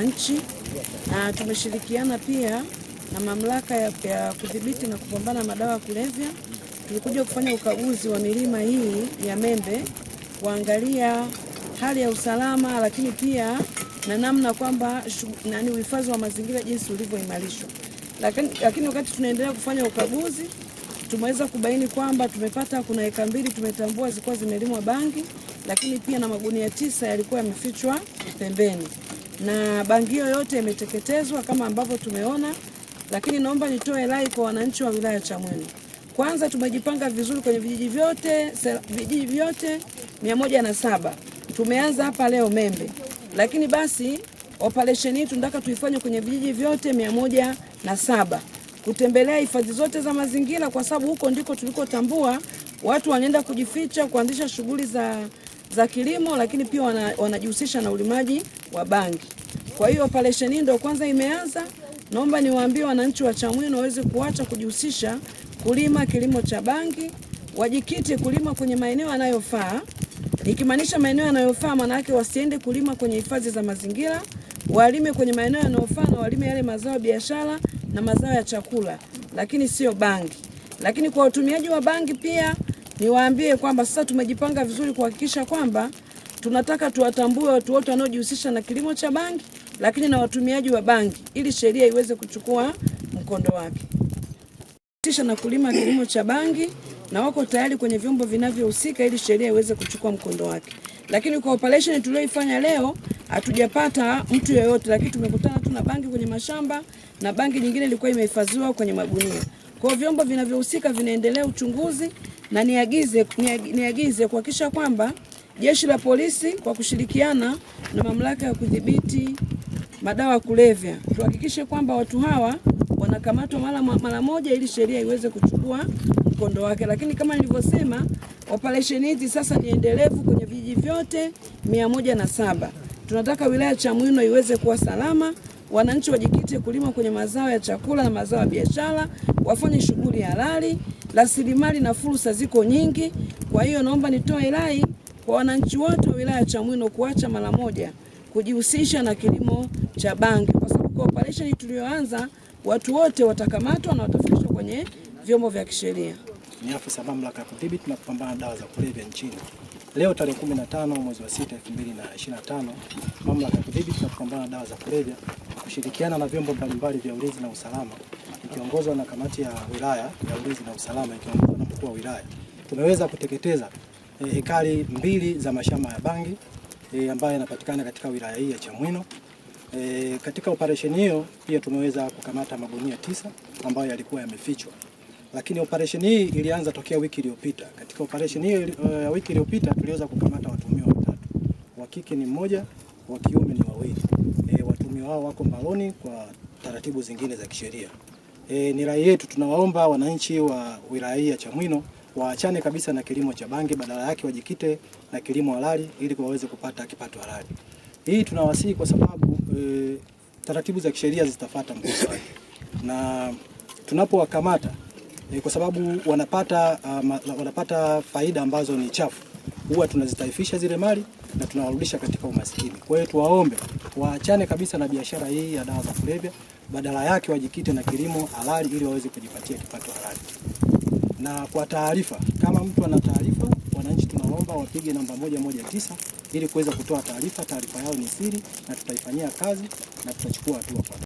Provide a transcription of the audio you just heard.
nchi na tumeshirikiana pia na mamlaka ya, ya kudhibiti na kupambana madawa ya kulevya. Tulikuja kufanya ukaguzi wa milima hii ya Membe kuangalia hali ya usalama, lakini pia na namna kwamba nani uhifadhi wa mazingira jinsi ulivyoimarishwa. Lakini, lakini wakati tunaendelea kufanya ukaguzi tumeweza kubaini kwamba tumepata kuna eka mbili tumetambua zilikuwa zimelimwa bangi, lakini pia na magunia tisa yalikuwa yamefichwa pembeni na bangio yote imeteketezwa kama ambavyo tumeona, lakini naomba nitoe rai kwa wananchi wa wilaya Chamwino. Kwanza tumejipanga vizuri kwenye vijiji vyote vijiji vyote mia moja na saba tumeanza hapa leo Membe, lakini basi operation hii tunataka tuifanye kwenye vijiji vyote mia moja na saba kutembelea hifadhi zote za mazingira, kwa sababu huko ndiko tulikotambua watu wanaenda kujificha kuanzisha shughuli za za kilimo, lakini pia wanajihusisha na ulimaji wa bangi. Kwa hiyo operation hii ndio kwanza imeanza. Naomba niwaambie wananchi wa Chamwino waweze kuacha kujihusisha kulima kilimo cha bangi, wajikite kulima kwenye maeneo yanayofaa, ikimaanisha maeneo yanayofaa, maana yake wasiende kulima kwenye hifadhi za mazingira, walime kwenye maeneo yanayofaa na walime yale mazao ya biashara na mazao ya chakula, lakini sio bangi. Lakini kwa utumiaji wa bangi pia niwaambie kwamba sasa tumejipanga vizuri kuhakikisha kwamba tunataka tuwatambue watu wote wanaojihusisha na kilimo cha bangi, lakini na watumiaji wa bangi, ili sheria iweze kuchukua mkondo wake tisha na kulima kilimo cha bangi na wako tayari kwenye vyombo vinavyohusika ili sheria iweze kuchukua mkondo wake. Lakini kwa operation tuliyoifanya leo hatujapata mtu yoyote, lakini tumekutana tu na bangi kwenye mashamba na bangi nyingine ilikuwa imehifadhiwa kwenye magunia. Kwa vyombo vinavyohusika vinaendelea uchunguzi na niagize niagize kuhakikisha kwamba jeshi la polisi kwa kushirikiana na mamlaka ya kudhibiti madawa ya kulevya tuhakikishe kwamba watu hawa wanakamatwa mara mara moja, ili sheria iweze kuchukua mkondo wake. Lakini kama nilivyosema, operation hizi sasa ni endelevu kwenye vijiji vyote mia moja na saba. Tunataka wilaya Chamwino iweze kuwa salama, wananchi wajikite kulima kwenye mazao ya chakula na mazao ya biashara, wafanye shughuli halali rasilimali na fursa ziko nyingi. Kwa hiyo naomba nitoe rai kwa wananchi wote wa wilaya ya Chamwino kuacha mara moja kujihusisha na kilimo cha bangi, kwa sababu kwa operesheni tuliyoanza watu wote watakamatwa na watafikishwa kwenye vyombo vya kisheria. Ni afisa mamlaka ya kudhibiti na kupambana dawa za kulevya nchini. Leo tarehe 15 mwezi wa 6 2025, mamlaka ya kudhibiti na kupambana dawa za kulevya kushirikiana na vyombo mbalimbali vya ulinzi na usalama ikiongozwa na kamati ya wilaya ya ulinzi na usalama ikiongozwa na mkuu wa wilaya tumeweza kuteketeza eh, hekari e, mbili za mashamba ya bangi e, ambayo yanapatikana katika wilaya hii ya Chamwino. E, katika operesheni hiyo pia tumeweza kukamata magunia tisa ambayo yalikuwa yamefichwa, lakini operesheni hii ilianza tokea wiki iliyopita. Katika operesheni hiyo ya uh, wiki iliyopita tuliweza kukamata watumio watatu, wa kike ni mmoja, wa kiume ni wawili. E, watumio hao wako mbaroni kwa taratibu zingine za kisheria. E, ni rai yetu, tunawaomba wananchi wa wilaya hii ya Chamwino waachane kabisa na kilimo cha bangi, badala yake wajikite na kilimo halali ili waweze kupata kipato halali. Hii tunawasihi kwa sababu e, taratibu za kisheria zitafuata mkosa na tunapowakamata e, kwa sababu wanapata um, wanapata faida ambazo ni chafu, huwa tunazitaifisha zile mali na tunawarudisha katika umaskini. Kwa hiyo tuwaombe waachane kabisa na biashara hii ya dawa za kulevya badala yake wajikite na kilimo halali ili waweze kujipatia kipato halali. Na kwa taarifa, kama mtu ana taarifa, wananchi tunaomba wapige namba moja moja tisa ili kuweza kutoa taarifa. Taarifa yao ni siri na tutaifanyia kazi na tutachukua hatua kwa